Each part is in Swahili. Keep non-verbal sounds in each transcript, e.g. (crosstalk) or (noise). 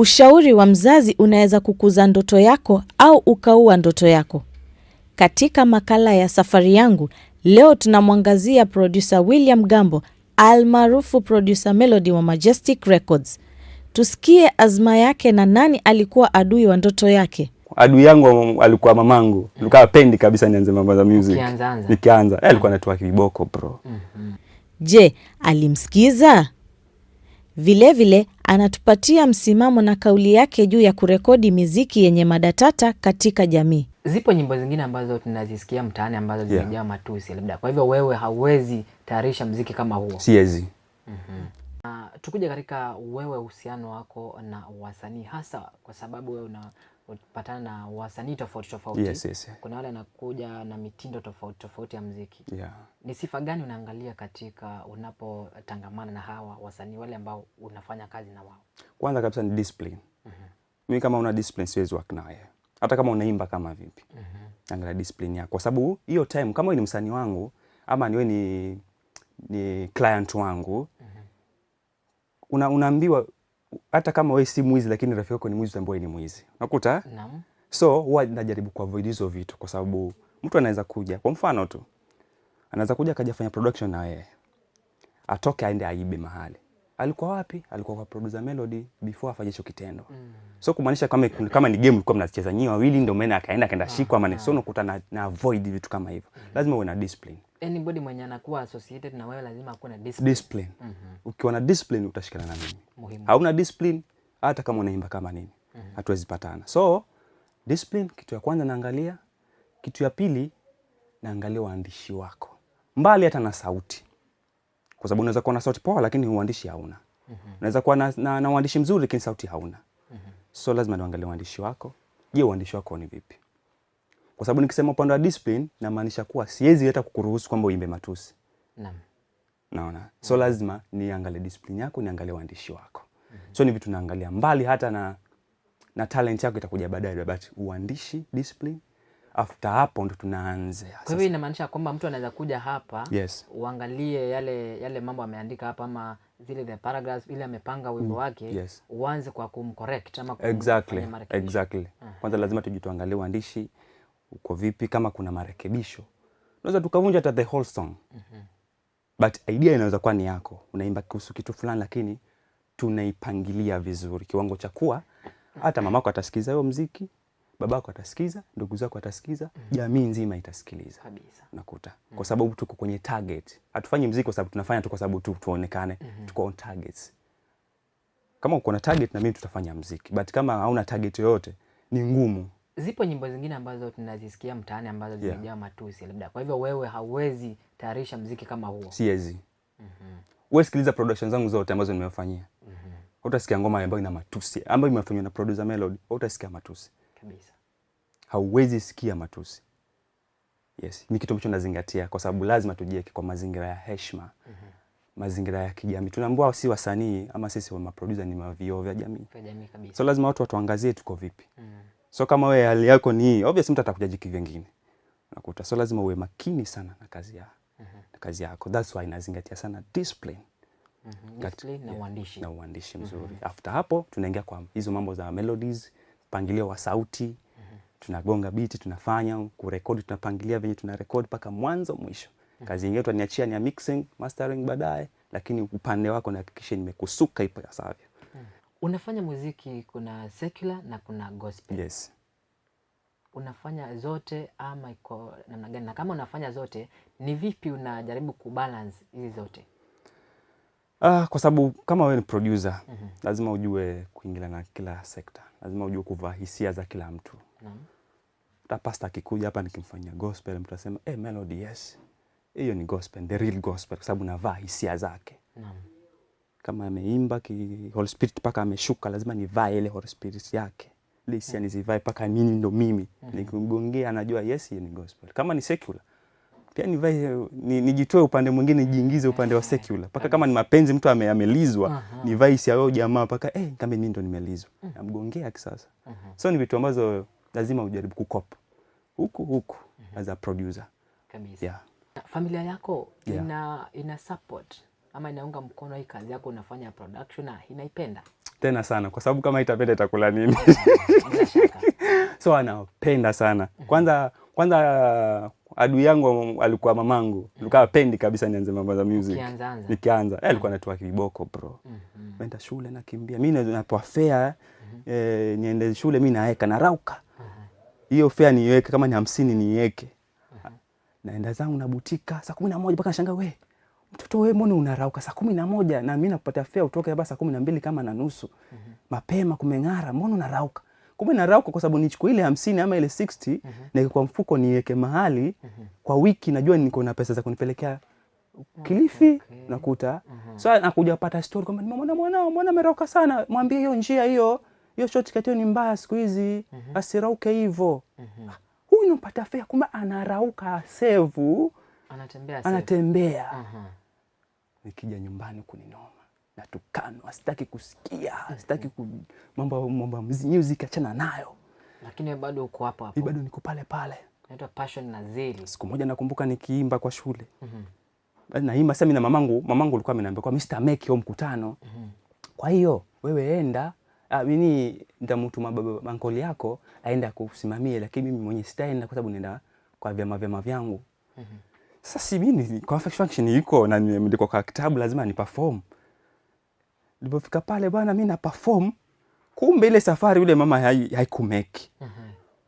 Ushauri wa mzazi unaweza kukuza ndoto yako au ukaua ndoto yako. Katika makala ya Safari Yangu leo tunamwangazia produsa William Gambo almaarufu produsa Melody wa Majestic Records. Tusikie azma yake na nani alikuwa adui wa ndoto yake. Adui yangu alikuwa mamangu, alikuwa apendi kabisa nianze mambo za music. Nikianza alikuwa anatoa Kiboko bro. Mhm. Je, alimsikiza? Vilevile anatupatia msimamo na kauli yake juu ya kurekodi miziki yenye mada tata katika jamii. Zipo nyimbo zingine ambazo tunazisikia mtaani ambazo zimejaa yeah, matusi labda. Kwa hivyo wewe hauwezi tayarisha mziki kama huo? Siwezi. mm -hmm. Na ah, tukuje katika wewe uhusiano wako na wasanii, hasa kwa sababu wewe una patana na wasanii tofauti tofauti. Yes, yes. Kuna wale anakuja na mitindo tofauti tofauti ya mziki. Yeah. Ni sifa gani unaangalia katika unapotangamana na hawa wasanii wale ambao unafanya kazi na wao? Kwanza kabisa ni discipline. mm -hmm. Mimi kama una discipline siwezi work naye hata kama unaimba kama vipi. mm -hmm. Angalia discipline yako, kwa sababu hiyo time kama wewe ni msanii wangu ama ni wewe ni, ni client wangu una, unaambiwa hata kama wewe si mwizi, lakini rafiki yako ni mwizi, ambaye ni mwizi, unakuta naam. So huwa najaribu avoid hizo vitu, kwa sababu mtu anaweza kuja, kwa mfano tu, anaweza kuja akaja fanya production na wewe, atoke aende aibe mahali alikuwa wapi? Alikuwa kwa producer Melody before afanye hicho kitendo mm. So kumaanisha kama, kama ni game ilikuwa mnacheza nyinyi wawili, ndio maana akaenda akaenda ah, shikwa ama, so ah. unakuta na, na avoid vitu kama hivyo mm. Lazima uwe na discipline anybody mwenye anakuwa associated na wewe lazima akuwe na discipline. Discipline. Mm -hmm. Ukiwa na discipline utashikana na mimi. Hauna discipline hata kama unaimba kama nini. Mm -hmm. Hatuwezi patana. So discipline kitu ya kwanza naangalia, kitu ya pili naangalia waandishi wako. Mbali hata na sauti. Kwa sababu unaweza kuwa na sauti poa lakini uandishi hauna. Mm -hmm. Unaweza kuwa na, na, na uandishi mzuri lakini sauti hauna. Mm -hmm. So lazima niangalie waandishi wako. Je, uandishi wako ni vipi? Kwa sababu nikisema upande wa discipline namaanisha kuwa siwezi hata kukuruhusu kwamba uimbe matusi. Naam. Naona. So mm. lazima niangalie discipline yako, niangalie uandishi wako. Mm -hmm. So ni vitu naangalia mbali hata na na talent yako itakuja baadaye, but uandishi, discipline after hapo ndo tunaanza. Kwa hivyo inamaanisha kwamba mtu anaweza kuja hapa yes, uangalie yale yale mambo ameandika hapa ama zile the paragraphs ile amepanga wimbo mm. wake yes, uanze kwa kumcorrect ama kumfanya exactly, marekebisho. Exactly. Ah. Kwanza lazima tujituangalie uandishi uko vipi, kama kuna marekebisho unaweza tukavunja hata the whole song mm -hmm. But idea inaweza kuwa ni yako, unaimba kuhusu kitu fulani, lakini tunaipangilia vizuri kiwango cha kuwa hata mamako atasikiza hiyo mziki, babako atasikiza, ndugu zako atasikiza, mhm. jamii nzima itasikiliza kabisa, nakuta mhm. kwa sababu tuko kwenye target. Hatufanyi mziki kwa sababu tunafanya tu kwa sababu tu tuonekane, mm -hmm. tuko on targets. Kama uko na target, na mimi tutafanya mziki, but kama hauna target yoyote ni ngumu zipo nyimbo zingine ambazo tunazisikia mtaani ambazo zimejaa yeah, matusi labda. Kwa hivyo wewe hauwezi tayarisha mziki kama huo? Siwezi. mm -hmm. Wewe sikiliza production zangu zote ambazo nimefanyia. mm -hmm. Utasikia ngoma ambayo ina matusi ambayo imefanywa na producer Melody, utasikia matusi kabisa, hauwezi sikia matusi. Yes, ni kitu ambacho nazingatia kwa sababu lazima tujiweke kwa mazingira ya heshima. mm -hmm. Mazingira ya kijamii, tunaambiwa si wasanii ama sisi wa maproducer ni mavioo vya jamii, vya jamii kabisa. so lazima watu watuangazie tuko vipi. mm -hmm. So kama wewe hali yako ni hii, obviously mtu atakujaji kivyengine. Unakuta so lazima uwe makini sana na kazi yako. Mm -hmm. Na kazi yako. That's why inazingatia sana discipline. Mm -hmm. Discipline na uandishi. Na uandishi mhm. mzuri. Mm -hmm. After hapo tunaingia kwa hizo mambo za melodies, mpangilio wa sauti. Mm -hmm. Tunagonga biti, tunafanya kurekodi, tunapangilia venye tunarekodi mpaka mwanzo mwisho. Mm -hmm. Kazi nyingine tutaniachia ni ya mixing, mastering baadaye, lakini upande wako nihakikishe nimekusuka ipo sawa. Unafanya muziki, kuna secular na kuna gospel. Yes. Unafanya zote ama iko namna gani? Na kama unafanya zote, ni vipi unajaribu kubalance hizi zote? Ah, kwa sababu kama wewe ni producer, mm -hmm. lazima ujue kuingilia na kila sekta, lazima ujue kuvaa hisia za kila mtu. Naam. -hmm. pasta akikuja hapa nikimfanyia gospel, mtu asema, "Eh, hey, Melody, yes." Hiyo ni gospel, the real gospel kwa sababu navaa hisia zake. Naam kama ameimba ki Holy Spirit paka ameshuka, lazima nivae ile Holy Spirit yake lisi hmm. nizivae paka mimi ndo mimi mm -hmm. Nikimgongea anajua yes, ni gospel. Kama ni secular pia nivae ni, nijitoe upande mwingine nijiingize upande wa secular mpaka kama ni mapenzi mtu ame, amelizwa uh -huh. Nivae hisia yao oh, jamaa paka eh, kama mimi ndo nimelizwa mm -hmm. Namgongea kisasa uh hmm. -huh. So ni vitu ambazo lazima ujaribu kukop huku huku uh hmm. -huh. As a producer kabisa yeah. Familia yako yeah. ina, ina support ama inaunga mkono hii kazi yako unafanya production na inaipenda tena sana, kwa sababu kama itapenda itakula nini? (laughs) so anapenda sana kwanza kwanza adui yangu alikuwa mamangu, alikuwa apendi kabisa nianze mambo za music. Nikianza alikuwa mm. anatoa kiboko bro, mm-hmm. nenda shule nakimbia mimi, napoa fea mm-hmm. eh, niende shule mimi naeka narauka mm-hmm. hiyo fea niweke, kama ni hamsini niweke, naenda zangu butika saa kumi na moja mpaka nashangaa we mtoto wewe, mbona unarauka saa kumi na moja na mimi nakupatia fare utoke hapa saa kumi na mbili kama na nusu mm -hmm. mapema kumeng'ara, mbona unarauka? Kumbe narauka kwa sababu nichukue ile hamsini ama ile 60 mm -hmm. na kwa mfuko niweke mahali mm -hmm. kwa wiki najua niko na pesa za kunipelekea mm, Kilifi okay. nakuta mm -hmm. so nakuja pata story kwamba nimemwona mwanao, mwana amerauka sana, mwambie hiyo njia hiyo hiyo shortcut hiyo ni mbaya siku hizi mm -hmm. asirauke hivyo mm -hmm. Ah, huyu nampata fare, kumbe anarauka sevu mm anatembea, anatembea. Uh-huh. Nikija nyumbani kuninoma na tukano, sitaki kusikia, mm-hmm. sitaki ku... mambo mambo music achana nayo, lakini bado uko hapo hapo, bado niko pale pale. naitwa passion na zeli. Siku moja nakumbuka nikiimba kwa shule uh-huh. naimba sasa mimi na mamangu, mamangu alikuwa ameniambia kwa Mr. Make hiyo mkutano uh-huh. kwa hiyo wewe enda ah, mimi nitamtuma baba bankoli yako aenda kusimamia, lakini mimi mwenyewe sitaenda kwa sababu nenda kwa vyama vyama vyangu mm -hmm. Sasa si mimi kwa function iko na nimeandikwa kwa kitabu, lazima ni perform. Nilipofika pale bwana, mimi na perform, kumbe ile safari yule mama haikumeki. mhm,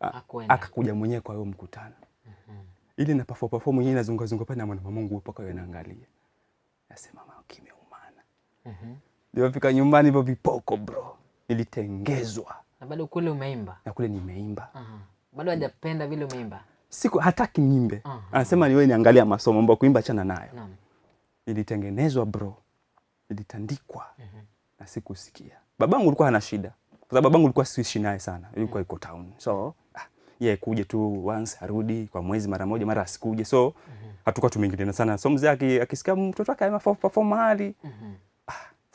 uh Akakuja mwenyewe kwa hiyo mkutano uh ili na perform perform yeye nazunguka zunguka pale na mwana Mungu mpaka yeye anaangalia, nasema mama kimeumana. mhm. -huh. Nilipofika nyumbani hivyo vipoko bro, nilitengezwa na bado kule umeimba na kule nimeimba. uh -huh. bado hajapenda vile umeimba siku hataki nyimbe, ah. anasema niwe niangalia masomo, mbo kuimba chana nayo. Ilitengenezwa bro, ilitandikwa mhm. na sikusikia. Babangu alikuwa hana shida, kwa sababu babangu alikuwa siishi naye sana, alikuwa mhm. iko town, so ah, yeye kuje tu once arudi kwa mwezi mara moja, mara asikuje, so mhm. hatukuwa tumeingiliana sana. So mzee akisikia mtoto wake perform mahali ah,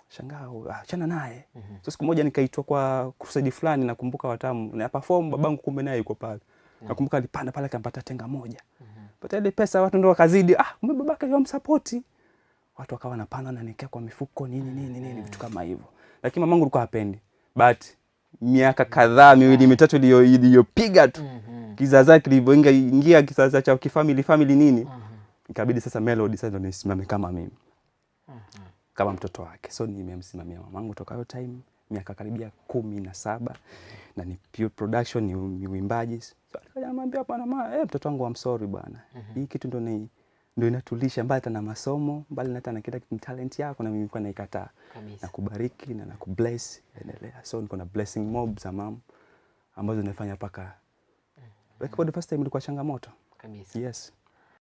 shangaa achana naye. So siku moja nikaitwa kwa crusade fulani, nakumbuka watamu na perform, babangu kumbe naye yuko pale Mm. Nakumbuka alipanda pale akampata tenga moja. Pata ile pesa watu ndio wakazidi, ah, kumbe babake yamsapoti. Watu wakawa wanapanda na nikae kwa mifuko nini nini nini vitu kama hivyo. Lakini mamangu alikuwa hapendi. But miaka kadhaa miwili mitatu iliyopiga tu. Mm-hmm. Kizazi kilivyoingia kizazi cha kifamily family nini? Mm-hmm. Ikabidi sasa Melody sasa ndio nisimame kama mimi. Mm-hmm. Kama mtoto wake. So nimemsimamia mamangu toka hiyo time miaka karibia kumi na saba na ni pure production, ni, ni uimbaji. So bwana mama, eh, mtoto wangu I'm sorry bwana, mhm. hii kitu ndo ni ndo inatulisha mbali hata na masomo mbali hata na kila kitu talent yako, na mimi nilikuwa naikataa, nakubariki na kubless endelea. So niko na blessing mob za mom ambazo zinafanya paka mhm. the first time ilikuwa changamoto kabisa, yes.